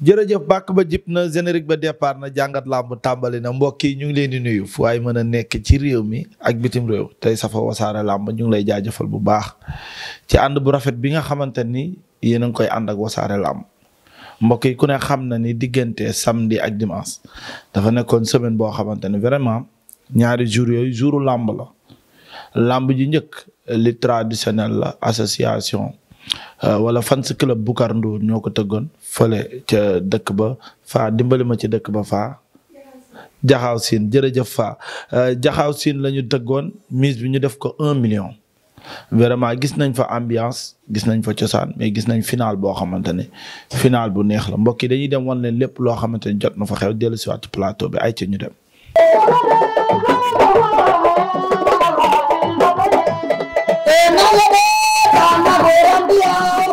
jërëjëf bàkk ba jib na générique ba départ na jàngat làmb tàmbali na mbokk yi ñu ngi leen di nuyu fu waaye mën a nekk ci réew mi ak bitim réew tey safa wasaare làmb ñu ngi lay jaajëfal bu baax ci ànd bu rafet bi nga xamante ni yéen a ngi koy ànd ak wasaare làmb mbokk yi ku ne xam na ni diggante samedi ak dimanche dafa nekkoon semaine boo xamante ni vraiment ñaari jour yooyu jouru làmb la làmb ji njëkk li traditionnel la association Euh, wala fans club Boucar Ndour ñoo ko tëggoon fële ca dëkk ba faa dimbali ma ci dëkk ba faa jaxaaw siin jërëjëf faa euh, jaxaaw siin la ñu tëggoon mise bi ñu def ko un million vraiment gis nañ fa ambiance gis nañ fa cosaan mais gis nañ final boo xamante ne final bu neex la mbokk yi dañuy dem wan leen lépp loo xamante ne jot na fa xew dellu si waat ci plateau bi ay ci ñu dem Rambo Rambo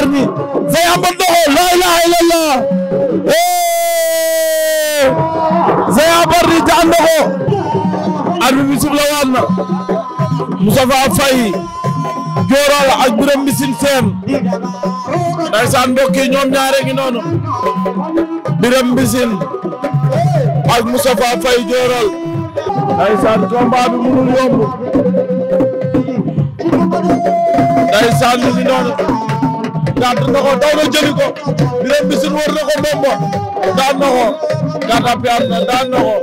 arbi fay amba la ilaha illallah eh zay abar di daan doxo arbi bi sub la waat na Moustapha Faye Joral ak ñoom ñaare ngi noonu Biram Mbissine ak Moustapha Faye Joral ndaysaan combat bi mënul yomb ndaysaan noonu gàtt na ko daw na jëli ko Birame Mbissine na ko mbombo daan na ko gàtt na daan na ko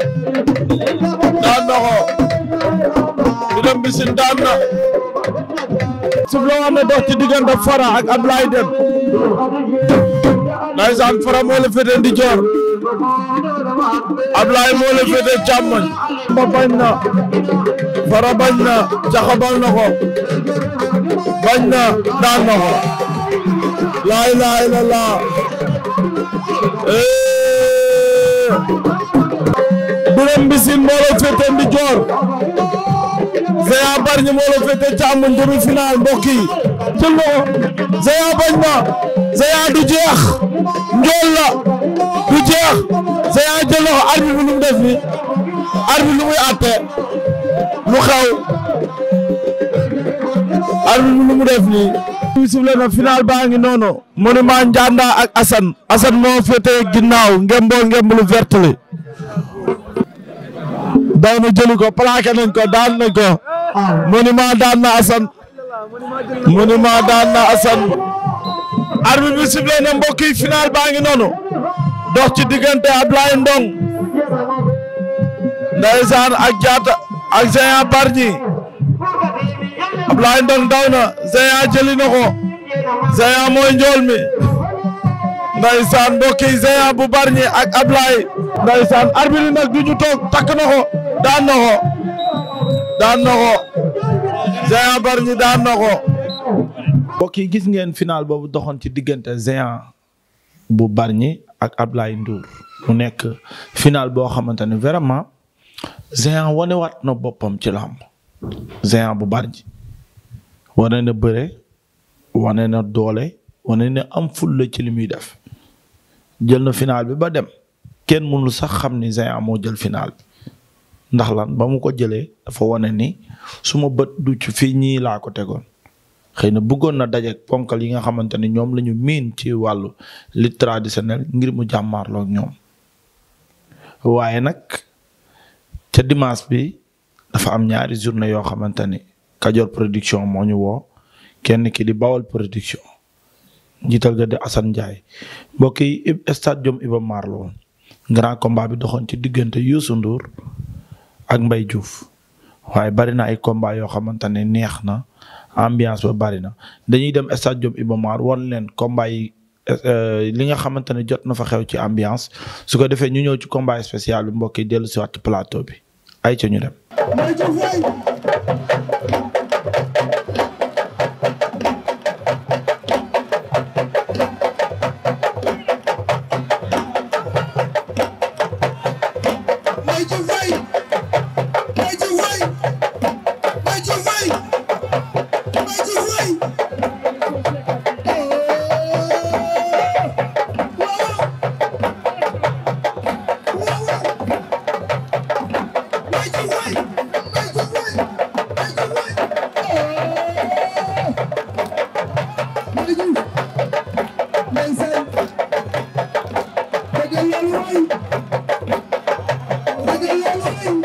daan na ko Birame Mbissine daan na suuf Fara ak Ablaye Deme Fara moo la féete ndijoor Ablaye moo la féete ba bañ na Fara bañ na jaxabal na ko bañ na daan na ko laa ilaaha illallaah ee Birame Mbissine moo la féete ndijoor Géant Bargny moo la féete càmmoñ demi-finale mbokk yi jël na ko Géant bañ na Géant du jeex njool lu mu def ni lu muy àtte lu xaw arbitre lu mu def bisimilah na final baa ngi noonu. monument Ndianda ak Assane. moo féetee ginnaaw ngemboo ngemb lu vert li. daw na jëli ko daan nañ ko. monument daan na Assane. monument daan na Assane. arbitre bi na mbokk yi baa ngi noonu. dox ci diggante Ablaye Ndong. Ndeysaan ak Diatta ak Géant Bargny. Ablaye Ndong daw na Zeya jëli na ko mooy njool mi ndaysaan mbokk yi Zeya bu barñi ak Ablaye ndaysaan arbitre nag du ñu toog takk na daan na ko daan na daan na ko yi gis ngeen final boobu doxoon ci diggante Zeya bu barñi ak Ablaye Ndour mu nekk final boo xamante ne vraiment Zeya wanewaat na boppam ci làmb Zeya bu barñi wane na bëre wane na doole wane na am fulla ci li muy def jël na final bi ba dem kenn mënul sax xam ni Géant moo jël final bi ndax lan ba mu ko jëlee dafa wane ni suma bët du ci fii ñii laa ko tegoon xëy na bëggoon na dajeek ponkal yi nga xamante ne ñoom lañu miin ci wàllu li traditionnel ngir mu jàmmaarloog ñoom waaye nag ca dimaas bi dafa am ñaari journée yoo xamante ni Kajoor production moo ñu woo kenn ki di Bawol production njiital ga di Assane Ndiaye mbokk yi stade Jom Iba Mar la woon grand combat bi doxoon ci diggante Youssou nduur ak mbay Diouf waaye bari na ay combat yoo xamante ne neex na ambiance ba bari na dañuy dem stade Jom Iba Mar wan leen combat yi euh, li nga xamante ne jot na fa xew ci ambiance su ko defee ñu ñëw ci combat spécial bi mbokk yi dellu si waat plateau bi ay ca ñu dem.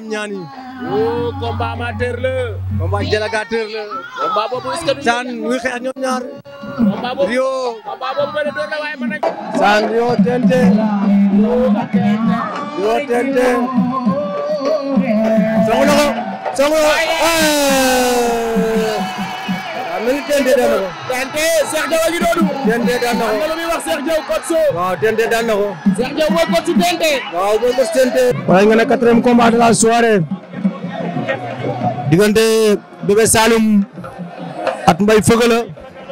dem ñaan yi. wóo combat amateur la. combat délégataire la. combat boobu est-ce que du. Sane muy xeex ñoom ñaar. combat boobu Rio. combat boobu mën na doon la waaye mën nañu. Sane Rio Tente. Rio Tente. songu na ko songu na ko. am na ni Tente daan na ko. Tente Cheikh Diaw a ngi doonu. Tente daan na ko am na lu muy wax Cheikh Diaw kot so. waaw Tente daan na ko. Cheikh Diaw mooy kot si Tente. waaw mooy kot si Tente. waaye nga ne quatrième combat de la soirée diggante Bébé Saloum at Mbaye Feugeula.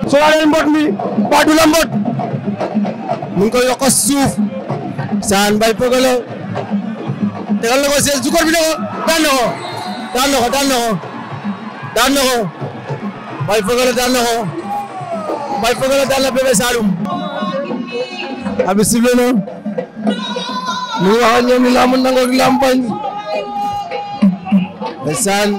soirée mbot mi ba du la mbot. mu ngi koy yokk suuf. Saan Mbaye Feugeula. tegal na ko seen sukor bi na ko daan na ko daan na ko daan na ko daan na ko. Mbaye Feugeuleu daan na ko Mbaye Feugeuleu daan na Bébé Saloum abi sifflé na mu wax ak ñoom ni lamb nangu ak lamb bañ ndeysaan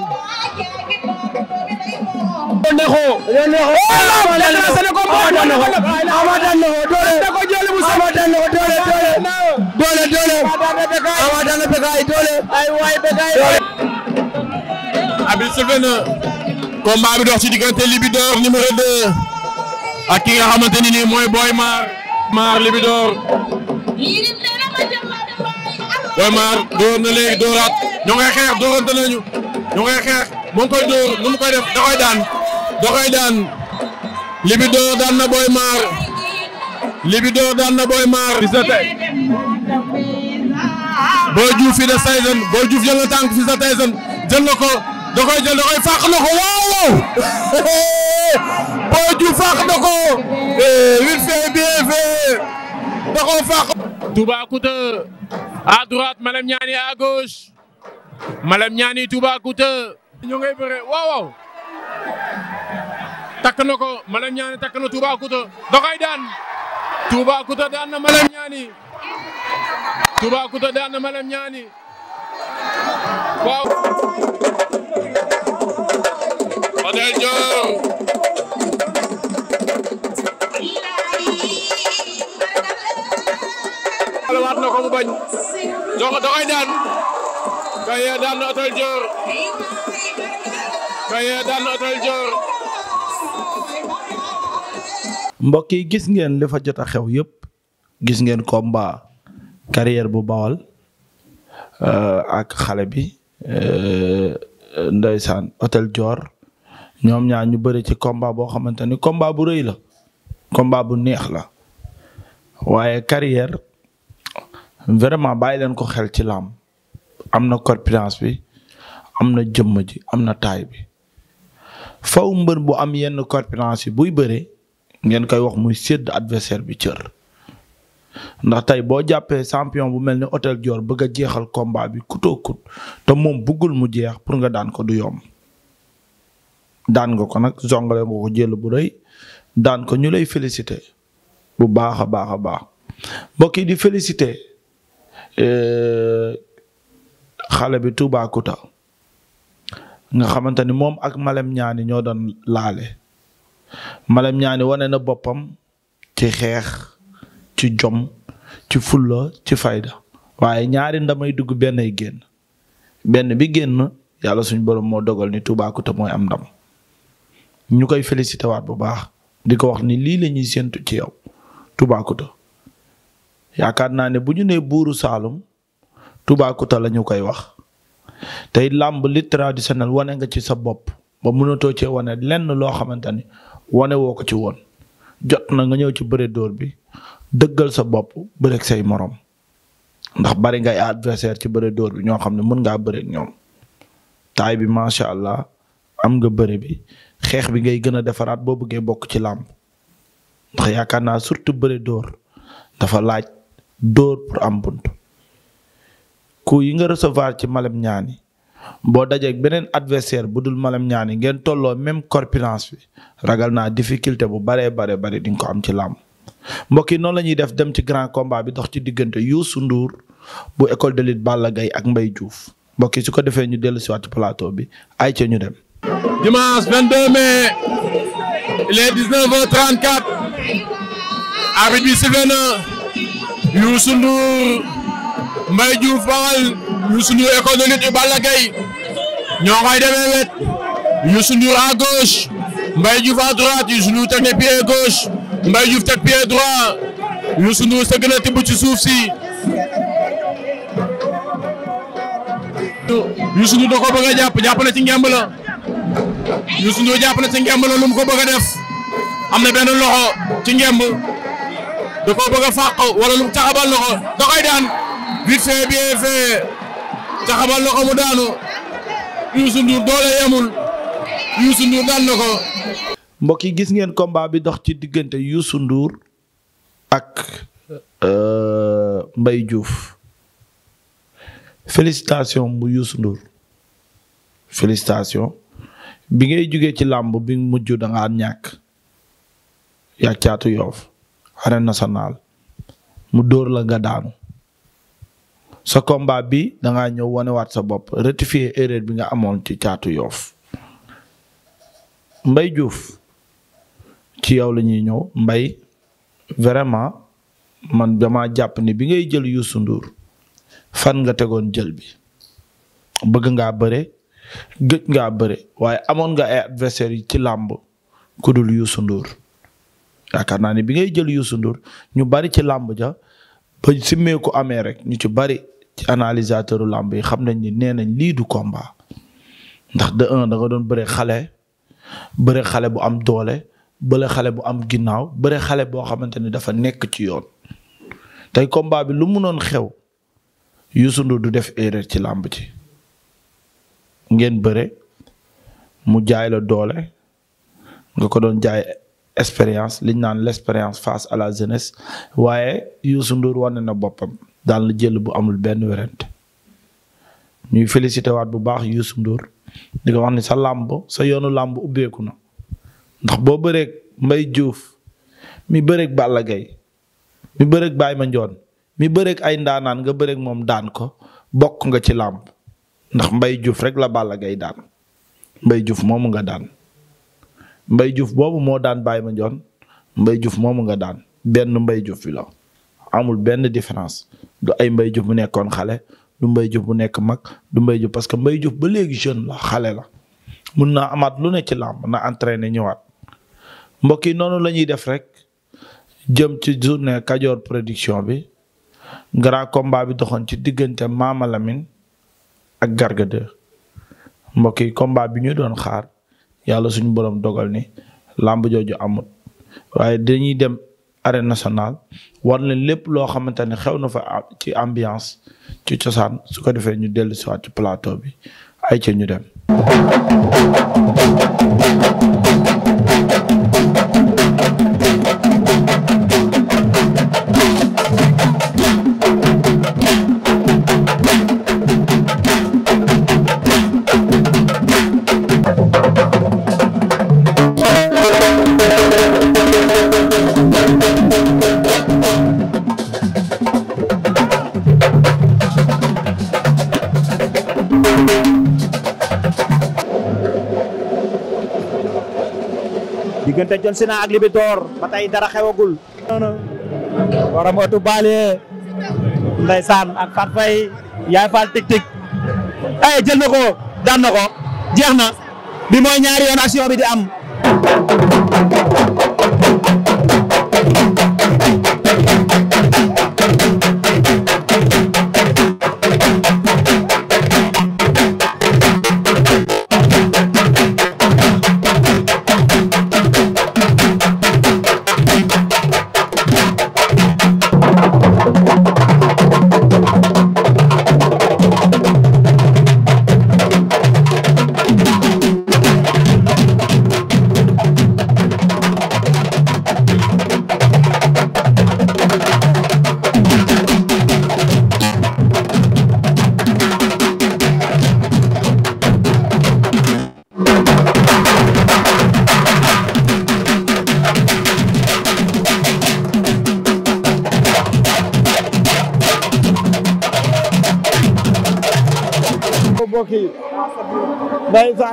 ne ko ne ko ama daan na ko ama daan na ko doole doole doole ama daan na Bécaye doole ay waay Bécaye abi sifflé na combat bi dox ci diggante Libidor numéro 2 nga xamante ni mooy Boy Maar Maar Libidor Boy Maar dóor na léegi dóoraat ñoo ngay xeex dóorante nañu ñoo ngay xeex moo ngi koy koy def da koy daan da koy daan na Boy Maar Boy Maar Fils de Tyson Boy Diouf fi de Tyson Boy Diouf jël da koy jël da koy fàq na ko waaw Boy Diouf fàq na ko vite eh, fait bien fait da koo fàq. Toubacouta à droite Malem Niani à gauche Malem takk na ko Malem Niani takk na Toubacouta da koy daan Toubacouta na Malem Niani waaw Fadel Diop alawaat na ko mu bañ jox koy daan kaye daan na Otel kaye daan na Otel Dior mbokk yi gis ngeen li fa jot a xew yépp gis ngeen combat carrière bu bawal Euh, ak xale bi euh, ndeysaan hôtel Dior ñoom ñaar ñu bëri ci combat boo xamante ni combat bu rëy la combat bu neex la waaye carrière vraiment bàyyi leen ko xel ci làmb am na corpulence bi am na jëmm ji am na taay bi faw mbër bu am yenn corpulence yi buy bëre ngeen koy wax muy sedd adversaire bi cër ndax tey boo jàppee champion bu mel ni hôtel Dior bëgg a jeexal combat bi kutoo kut te moom buggul mu jeex pour nga daan ko du yomb. daan nga ko nag zongale nga ko bu rëy daan ko ñu lay félicité bu baax a baax a baax mbokk yi di félicité euh, xale bi Toubacouta nga xamante ni moom ak Malem Niani ñoo doon laale Malem ñaani wane na boppam ci xeex. ci jom ci fulla ci fayda waaye ñaari ndamay dugg benn ay génn benn bi génn yàlla suñ borom moo dogal ni Toubacouta mooy am ndam ñu koy félicité waat bu baax di ko wax ni lii la ñuy séentu ci yow Toubacouta yaakaar naa ne bu ñu nee buuru Saalum Toubacouta la ñu koy wax tey làmb li traditionnel wane nga ci sa bopp ba mënatoo cee wane lenn loo xamante ni wane woo ko ci woon jot na nga ñëw ci bëre bi dëggal sa bopp bëreeg say morom ndax bari ngay adversaire ci bëre dóor bi ñoo xam ne mën ngaa bëre ñoom taay bi macha allah am nga bëre bi xeex bi ngay gën a defaraat boo bëggee bokk ci làmb ndax yaakaar naa surtout bëre dóor dafa laaj dóor pour am bunt ku yi nga recevoir ci malam ñaani boo dajeeg beneen adversaire bu dul malam ñaani ngeen tolloo même corpulence bi ragal naa difficulté bu baree bare bari di ko am ci làmb mbokk yi noonu la ñuy def dem ci grand combat bi dox ci diggante yu Ndour bu école de lutte Balla Gaye ak mbay Diouf mbokk yi su ko defee ñu dellu si waat bi ay ca ñu dem. dimanche 22 mai il est 19h34 arbitre bi sifflé na Youssou Ndour Mbaye Diouf Bawal Youssou Ndour école de lutte Balla Gaye ñoo koy demee wet Youssou Ndour à gauche Mbaye Diouf à droite Youssou Ndour teg na pied gauche. Mbaye Diouf teg pied droit Youssou Ndour sëgg na tibb ci suuf si Youssou Ndour da ko bëgg a jàpp jàpp na ci ngemb la Youssou Ndour jàpp na ci ngemb la lu ko bëgg a am na benn loxo ci ngemb da ko bëgg a fàq wala lu taxabal loxo da koy daan vite fait bien fait taxabal loxo mu daanu Youssou Ndour doole yemul Youssou Ndour daan na mbokk yi gis ngeen combat bi dox ci diggante Youssou nduur ak euh, mbay juuf félicitation bu Youssou bi ngay jógee ci làmb bi mujj da ñàkk yaa caatu yoof arène nationale mu dóor la nga daanu sa combat bi danga ñëw wanewaat sa bopp rectifier erreur bi nga amoon ci caatu yoof Mbaye Diouf ci yow lañuy ñëw mbay vraiment man dama jàpp ni bi ngay jël Youssou Ndour fan nga tegoon jël bi bëgg ngaa bëre gëj ngaa bëre waaye amoon nga ay adversaires yi ci làmb ku dul Youssou Ndour yaakaar naa ne bi ngay jël Youssou Ndour ñu bari ci làmb ja ba simmeeku amee rek ñu ci bari ci analysateur làmb yi xam nañ ni nee nañ lii du combat ndax de un da doon bëre xale bëre xale bu am doole bële xale bu am ginnaaw bëre xale boo xamante ni dafa nekk ci yoon tey combat bi lu munoon xew Youssou Ndour du def erreur ci làmb ci ngeen bëre mu jaay la doole nga ko doon jaay expérience liñ naan l'expérience face à la jeunesse waaye Youssou Ndour wane na boppam daal na jël bu amul benn werante ñuy félicité waat bu baax Youssou ndur di ko wax ni sa làmb sa yoonu làmb ubbeeku na ndax boo bëreeg mbay juuf mi bëreeg Balla Gaye mi bëreeg Baye Mandione mi bëreeg ay ndaanaan nga bëreeg moom daan ko bokk nga ci làmb ndax mbay juuf rek la Balla gay daan mbay Diouf moomu nga daan Mbaye Diouf boobu moo daan Baye Mandione Mbaye Diouf moomu nga daan benn mbay Diouf bi amul benn différence du ay Mbaye Diouf bu nekkoon xale du mbay Diouf bu nekk mag du Mbaye Diouf parce que mbay Diouf ba léegi jeune la xale la mun naa amaat lu ne ci làmb na entraîné ñëwaat mbokk yi noonu lañuy def rek jëm ci journée Kajoor production bi grand combat bi doxoon ci diggante Mama Lamine ak Garga 2 mbokk yi combat bi ñu doon xaar yàlla suñu borom dogal ni làmb jooju amut waaye dañuy dem arène nationale war na lépp loo xamante ne xew na fa ci ambiance ci cosaan su ko defee ñu dellu siwaat ci plateau bi ay ca ñu dem diggante si Sina ak Libidor ba tey dara xewagul. waram otu baale ndeysaan ak Fatou Faye yaay Fall tik tik ay eh, jël na ko daan na ko jeex na bi mooy ñaari yoon action bi di am.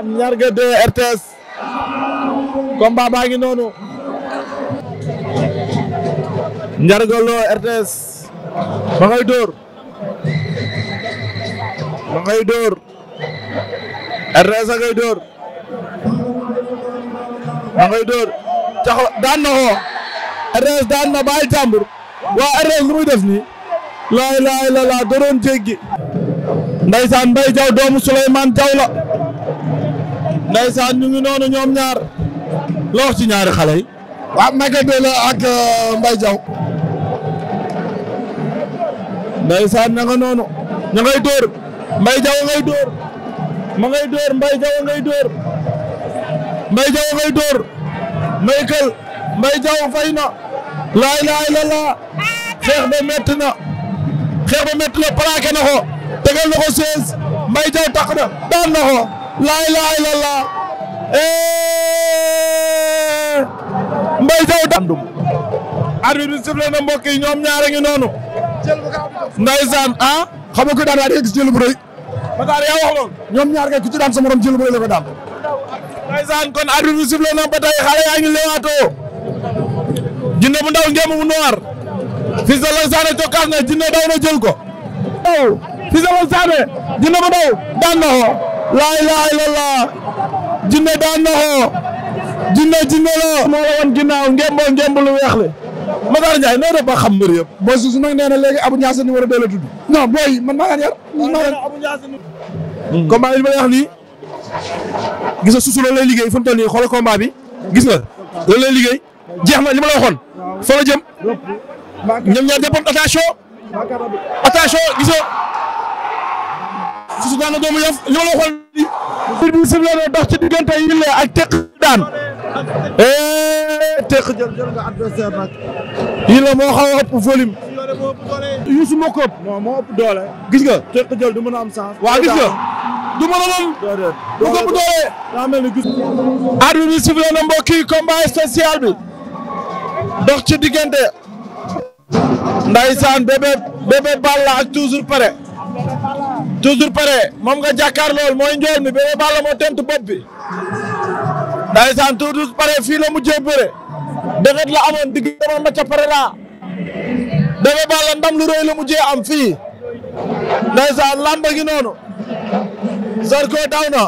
Ndiarga 2 RTS combat baa ngi noonu Ndiarga Lo RTS ma ngay dóor ma ngay dóor RTS a ngay dóor ma ngay dóor caxla daan na ko RTS daan na bàyyi jàmbur waa RTS lu muy def nii laay laay la laa doroon jéggi ndaysaan Mbaye Diaw doomu Souleymane Diaw la ndeysaan ñu ngi noonu ñoom ñaar loo wax ci ñaari xale yi. waaw Maka Dola ak euh, Mbaye Diaw. ndeysaan na nga noonu. ña ngay dóor Mbaye Diaw ngay dóor. ma ngay dóor Mbaye Diaw ngay dóor. Mbaye Diaw ngay dóor. Michael Mbaye Diaw fay na. la xeex ba métti na. xeex ba métti na plaqué na ko. tegal na ko 16. Mbaye Diaw tax na daan na ko. laa ilaaha illallah eh. Mbaye Sow dandum arbitre bi sifflé na mbokk ñoom ñaare ngi noonu ndeysaan ah xam nga ko daan daa di gis jël bu yaa wax lool ñoom ñaar kay ku daan sa morom jël daan kon arbitre bi sifflé na ba tey yaa ngi leewaatoo jinne bu ndaw ngéem bu noir Fils de na jinne daw na jël ko Fils jinne bu ndaw daan na laa ilaaha illallah jinne daan na ko jinne jinne la moo la woon ginnaaw ngemboo ngemb lu weex li Matar Ndiaye noo def ba xam mbir yëpp booy suusu nag nee na léegi Abou Ndiassé numéro deux la mm. ma lay wax nii gis nga loolu lay liggéey fu mu toll nii xoolal combat bi gis loolu lay liggéey jeex na li ma la jëm ñoom ñaar dépon attention attention gis nga Soussoukane doomu Yoff li ma la waxoon nii. dox ci diggante yi la ak teq daan. Eh, teq jël jël moo xaw a ëpp volume. Youssou doole. gis nga teq jël du mën a am sens. gis nga. du mën a lool. du ko doole. daa mel ni gis. arbitre bi dox ci diggante. Ndeysaan bébé bébé Balla ak toujours pare. toujours pare moom nga jàkkaar lool mooy njool mi Bébé Balla moo tent bopp bi ndaysaan toujours pare fii la mujjee bëre dëgët la amoon digg dama ma ca pare laa Bébé Balla ndam lu rëy la mujjee am fii ndaysaan lamba gi noonu Zarko daw na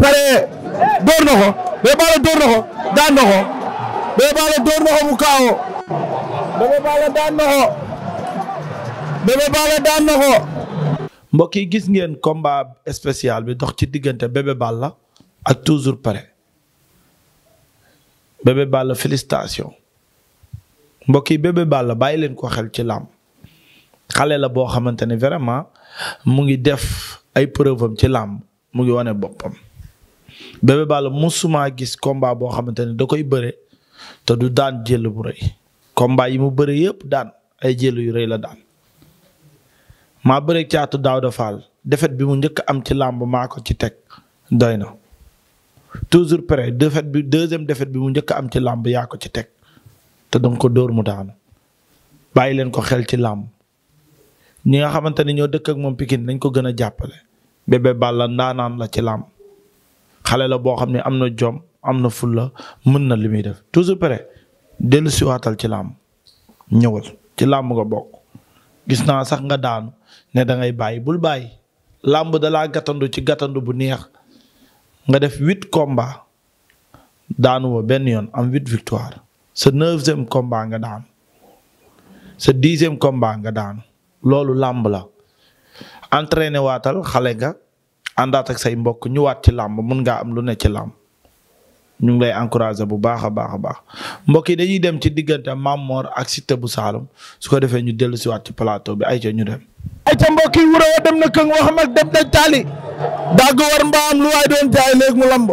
pare door na ko Bébé Balla door na ko daan na ko Bébé door na ko mu kaawoo daan na Bébé Balla daan na ko. mbokk yi gis ngeen combat spécial bi dox ci diggante Bébé la ak toujours pare Bébé Balla félicitation mbokk yi Bébé bàyyi leen ko xel ci làmb xale la boo xamante ne vraiment mu ngi def ay preuve ci làmb mu ngi wane boppam Bébé Balla mosuma gis combat boo xamante ne da koy bëre te du daan jël bu rëy combat yi mu bëre yëpp daan ay jël yu rëy la daan. maa bëreeg caatu Daouda Fall defet bi mu njëkk am ci làmb maa ko ci teg doy na toujours prêt defet bi deuxième defet bi mu njëkk am ci làmb yaa ko ci teg te danga ko dóor mu daanu bàyyi leen ko xel ci làmb ñi nga xamante ni ñoo dëkk ak moom pikin dañ ko gën a jàppale Bébé Balla la ci làmb xale la boo xam ne am na jom am na fulla mën na li muy def toujours prêt dellu siwaatal ci làmb ñëwal ci làmb nga bokk gis naa sax nga daanu ne da ngay bàyyi bul bàyyi làmb da laa gàttandu ci gàttandu bu neex nga def huit komba daanuwa benn yoon am huit victoire sa neuvième combat nga daanu sa dixième combat nga daanu loolu làmb la entraîné waatal xale nga àndaat ak say mbokk ñu waat ci làmb mun ngaa am lu ne ci làmb ñu ngi lay encouragé bu baax a baax a baax mbokki dañuy dem ci diggante Mamor ak Siteu bu Saalum su ko defee ñu dellu si waat ci plateau bi ay ca ñu dem ca mbokk yi wuro wa dem na këng wax mag dem daj taali dagg war mbaam lu waay doon jaay léegi mu lamb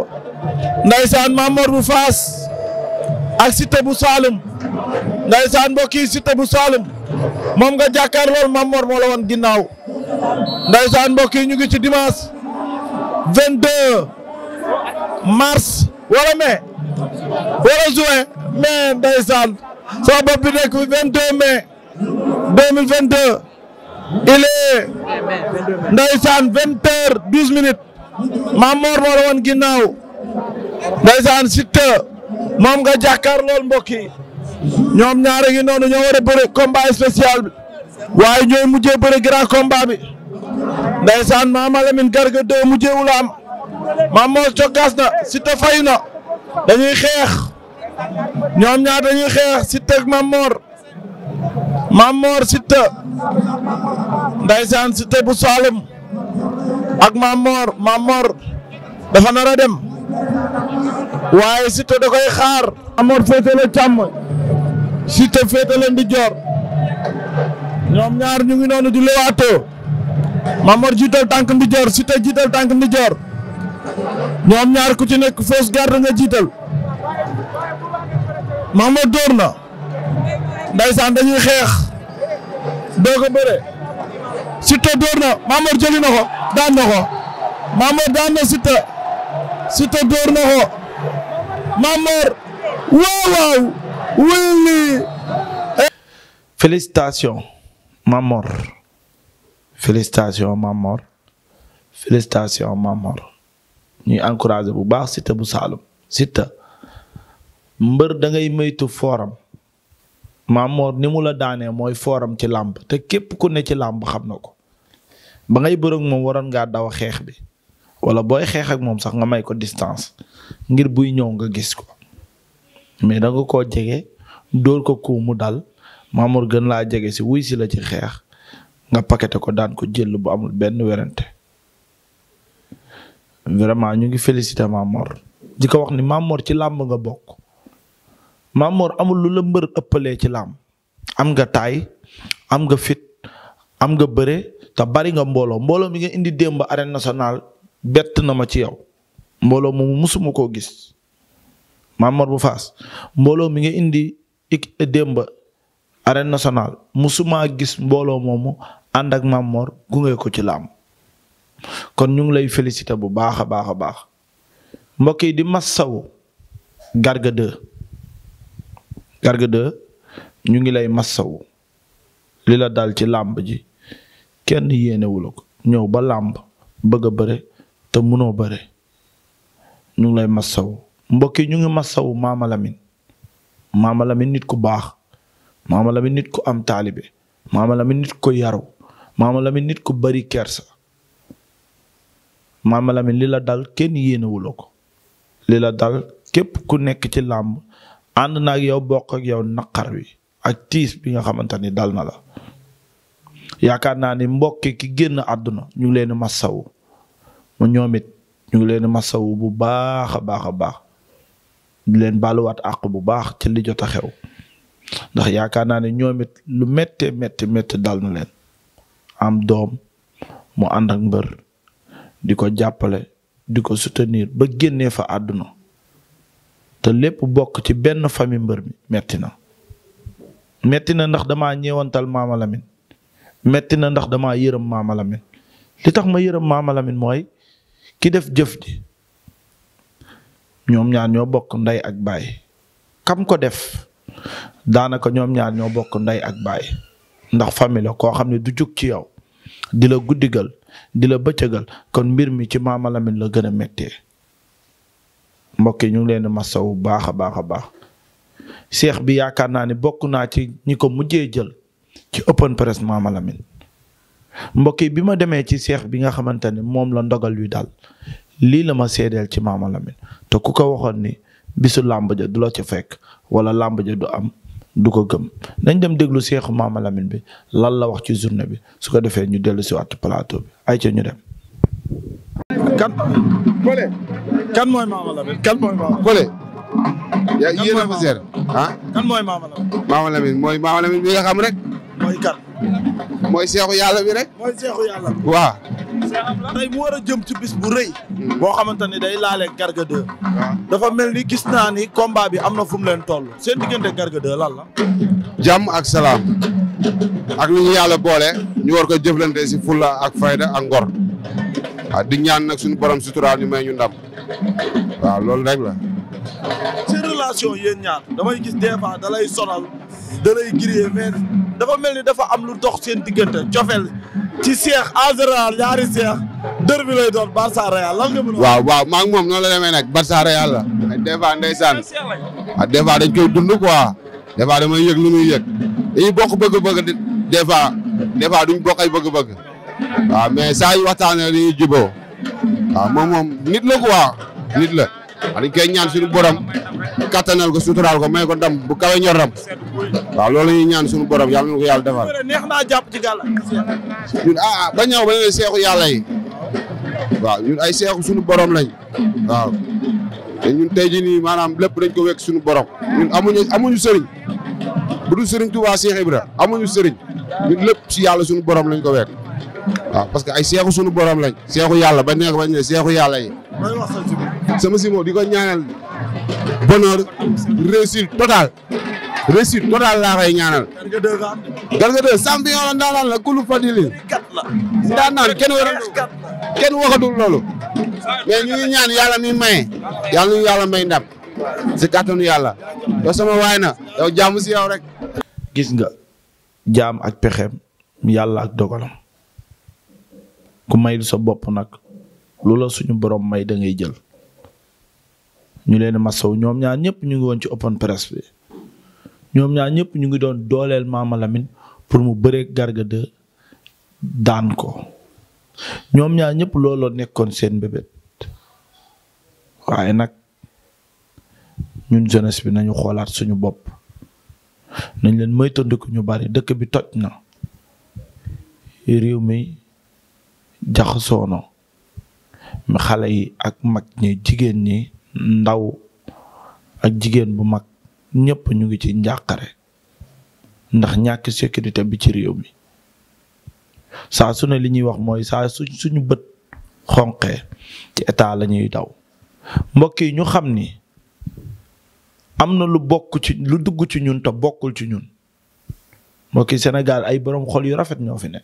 ndaysaan Mamor bu Faas ak Cité bu Saalum ndaysaan mbokk yi Cité bu Saalum moom nga jàkkaar lool Mamor moo la woon ginnaaw ndaysaan mbokk yi ñu ngi ci dimanche 22 mars wala mai wala juin mai ndaysaan sama bopp bi nekk 22 mai 2022 il est ndeysaan vingt heures dix minutes maam Mor moo la woon ginnaaw ndeysaan Siteu moom nga jàkkaar lool mbokk yi ñoom ñaar ngi noonu ñoo war a bëre combat spécial bi waaye ñooy mujjee bëre grand combat bi ndeysaan Mama Lamine Garga doo mujjee wu la am maam Mor coggaas na Siteu fay na dañuy xeex ñoom ñaar dañuy xeex si ak maam Mor Mame Mor Siteu ndaysaan Siteu bu Saalum ak Mame Mor dafa nar a dem waaye Siteu da koy xaar Mame Mor féete la càmm Siteu féete ndijoor ñoom ñaar ñu ngi noonu di lewaatoo Mame jiital tànk ndijoor Siteu jiital tànk ndijoor ñoom ñaar ku ci nekk fausse garde nga jiital Mame Mor dóor na ndaysaan dañuy doo ko bëre Siteu door na Mamor jëli na ko daan na ko Mamor daan na Siteu Siteu door na ko Mamor waaw waaw encouragé bu baax Siteu bu Saalum Siteu mbër da ngay moytu fooram Maam Mor ni mu la daanee mooy fooram ci làmb te képp ku ne ci làmb xam na ko ba ngay bërëg moom waroon ngaa daw xeex bi wala booy xeex ak moom sax nga may ko distance ngir buy ñëw nga gis ko mais da nga jege dóor ko ku mu dal Maam gën laa jege si wuy si la ci xeex nga pakete ko daan ko jël bu amul benn werante vraiment ñu ngi félicité Maam Mor di ko wax ni Maam ci làmb nga bokk Mamor amul lu la mbër ëppalee ci làmb am nga taay am nga fit am nga bëre te bari nga mbooloo mbooloo mi nga indi démb arène nationale bett na ma ci yow mbooloo moomu musuma koo gis Mamor bu Faas mbooloo mi nga indi démb arène nationale musuma gis mbooloo moomu ànd ak Mamor gunge ko ci làmb kon ñu ngi lay féliciter bu baax a baax a baax mbokk yi di massawu Garga 2 Garga ñu ngi lay massawu li la dal ci làmb ji kenn yéenewula ko ñëw ba làmb bëgg a bëre te mënoo bëre ñu ngi lay massawu mbokk yi ñu ngi massawu Mama Lamine Mama nit ku baax Mama Lamine nit ku am taalibe Mama Lamine nit ku yaru Mama nit ku bari kersa Mama Lamine li la dal kenn yéenewula ko li la dal képp ku nekk ci làmb ànd na ak yow bokk ak yow naqar wi ak tiis bi nga xamante ni dal na la yaakaar naa ni mbokki ki génn àdduna ñu ngi leen massawu mu ñoom it ñu ngi leen massawu bu baax a baax a baax ñu leen baluwaat àq bu baax ci li jot a xew ndax yaakaar naa ne ñoom lu mette metti metti dal na leen am doom mu ànd ak mbër di ko jàppale di ko soutenir ba génnee fa àdduna te lépp bokk ci benn famille mbër mi metti na metti na ndax damaa ñeewantal maama Lamine metti na ndax dama yërëm maama li tax ma yërëm maama Lamine mooy ki def jëf ji ñoom ñaar ñoo bokk ndey ak baay kam ko def daanaka ñoom ñaar ñoo bokk ndey ak baay ndax famille la koo xam ne du jug ci yow di la guddigal di la bëccëgal kon mbir mi ci maama Lamine la gën a méttee mbokk yi ñu ngi leen ma masaw bu baax a baax a baax seex bi yaakaar naa ni bokk naa ci ñi ko mujjee jël ci open press Mama Lamine mbokk yi bi ma demee ci seex bi nga xamante ni moom la ndogal wi daal lii la ma seedeel ci Mama Lamine te ku ko waxoon ni bisu làmb ja du la ci fekk wala làmb ja du am du ko gëm dañ dem déglu seexu Mama Lamine bi lan la wax ci journée bi su ko defee ñu dellu si waat plateau bi ay ca ñu dem kan. Kole. kan mooy Mama kan mooy Mama. Kole. yaa yéen a ma seer ah. kan mooy Mama Lamine. Mama Lamine mooy Mama Lamine bi xam rek. mooy kan. seexu yàlla bi rek. mooy seexu yàlla. waaw. tey mu war a jëm ci bis bu rëy. boo xamante ni day laale Garga 2. dafa mel ni gis naa ni combat bi am na fu mu leen toll. seen diggante Garga 2 lan la. jàmm ak salaam. ak lu ñu yàlla boole. ñu war ko jëflante si fulla ak fayda ak ngor. waaw di ñaan nag suñu borom suturaal ñu may ñu ndam waaw loolu rek la. seen relation yéen ñaar damay gis des fois da lay sonal da dafa mel ni dafa am lu dox seen diggante cofeel ci seex en général ñaari seex dër lay doon Barça Real a. waaw waaw maa ngi moom noonu la demee nag Barça Real la. des fois ndeysaan ah des fois dañ koy dund lu muy yëg dañuy bokk bëgg-bëgg des duñ bokk ay bëgg-bëgg. waaw ah, mais saa yu waxtaanee dañuy jubóo waaw ah, moom moom nit la waa nit la wax dañ ñaan suñu borom kattanal ko suturaal ko may ko ndam bu kawe ñoram waaw loolu ñuy ñaan suñu borom yàlla na ko yàlla defal. neex naa jàpp ci gàll. ñun ah, ah ba ñëw seexu yàlla yi waaw ñun ay seexu suñu borom lañ waaw te ñun tey jii nii maanaam lépp dañ ko wekk suñu borom ñun amuñu sëriñ bu dul sëriñ Tuubaa Seex Ibra amuñu sëriñ ñun lépp si yàlla suñu borom lañ ko wekk. waaw parce que ay seexu sunu borom lañ seexu yàlla ba nekk bañ ne seexu yàlla yi sama simo di ko ñaanal bonheur réussite totale réussite totale laa koy ñaanal Garga 2 ndaanaan la kulu ndaanaan kenn war kenn mais ñu ñaan yàlla mi maye yàlla ñu yàlla may ndam si yàlla yow sama waay na yow jaamu si rek gis nga jaam ak pexeem yàlla ak dogalam ku may sa bopp nag lu la suñu borom may dangay jël ñu leen masaw ñoom ñaar ñëpp ñu ngi woon ci open press bi ñoom ñaar ñëpp ñu ngi doon dooleel Mama Lamine pour mu bëree Garga daan ko ñoom ñaar ñëpp looloo nekkoon seen bébét waaye nag ñun jeunesse bi nañu xoolaat suñu bopp nañ leen moytandiku ñu bari dëkk bi toj na réew mi jaxasoono xale yi ak mag ñi jigéen ñi ndaw ak jigéen bu mag ñëpp ñu ngi ci njàqare ndax ñàkk sécurité bi ci réew mi saa su li ñuy wax mooy saa su suñu bët xonqee ci état la ñuy daw mbokk yi ñu xam ni am na lu bokk ci lu dugg ci ñun te bokkul ci ñun mbokk yi Sénégal ay boroom xol yu rafet ñoo fi ne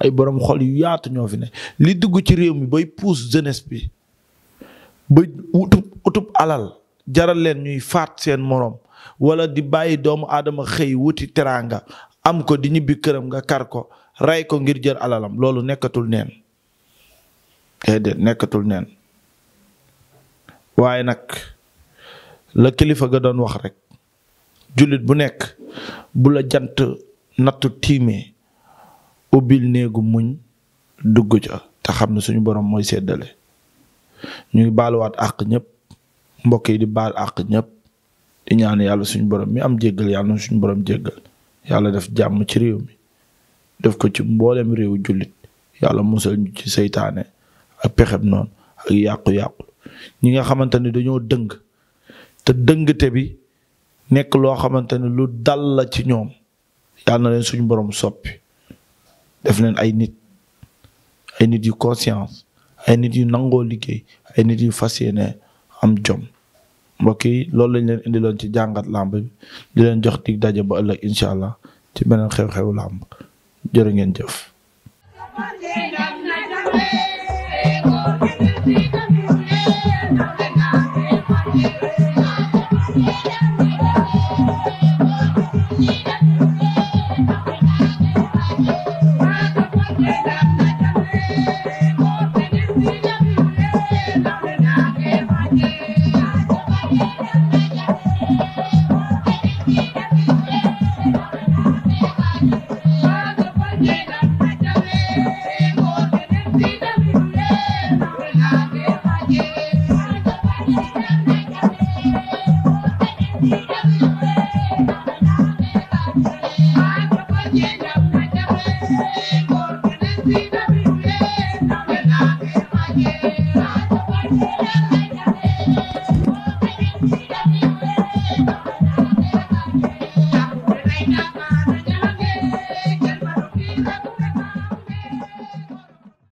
ay borom xol yu yaatu ñoo fi ne li dugg ci réew mi bay pousse jeunesse bi bay utub utub alal jaral leen ñuy faat seen moroom wala di bàyyi doomu aadama xëy wuti teraanga am ko di ñibbi këram nga kar ko rey ko ngir jël alalam loolu nekkatul neen déedéet eh, nekkatul neen waaye nag la kilifa ga doon wax rek jullit bu nekk bu la jant nattu tiimee ubbil néegu muñ dugg ca te xam ne suñu borom mooy seddale ñuy ngi baaluwaat àq ñëpp mbokk yi di baal àq ñëpp di ñaan yàlla suñu borom mi am jéggal yàlla suñu borom jéggal yàlla def jàmm ci réew mi def ko ci mboolem réewu jullit yàlla musal ci seytaane ak pexeb noonu ak yàqu-yàqu ñi nga xamante ni dañoo dëng te dëngte bi nekk loo xamante ni lu dal la ci ñoom yàlla na leen suñu borom soppi def leen ay nit ay nit yu conscience ay nit yu nangoo liggéey ay nit yu fas yéene am jom mbokk yi loolu lañ leen indiloon ci jàngat làmb bi di leen jox dig daje ba ëllëg incha allah ci beneen xew-xewu làmb jërë ngeen jëf.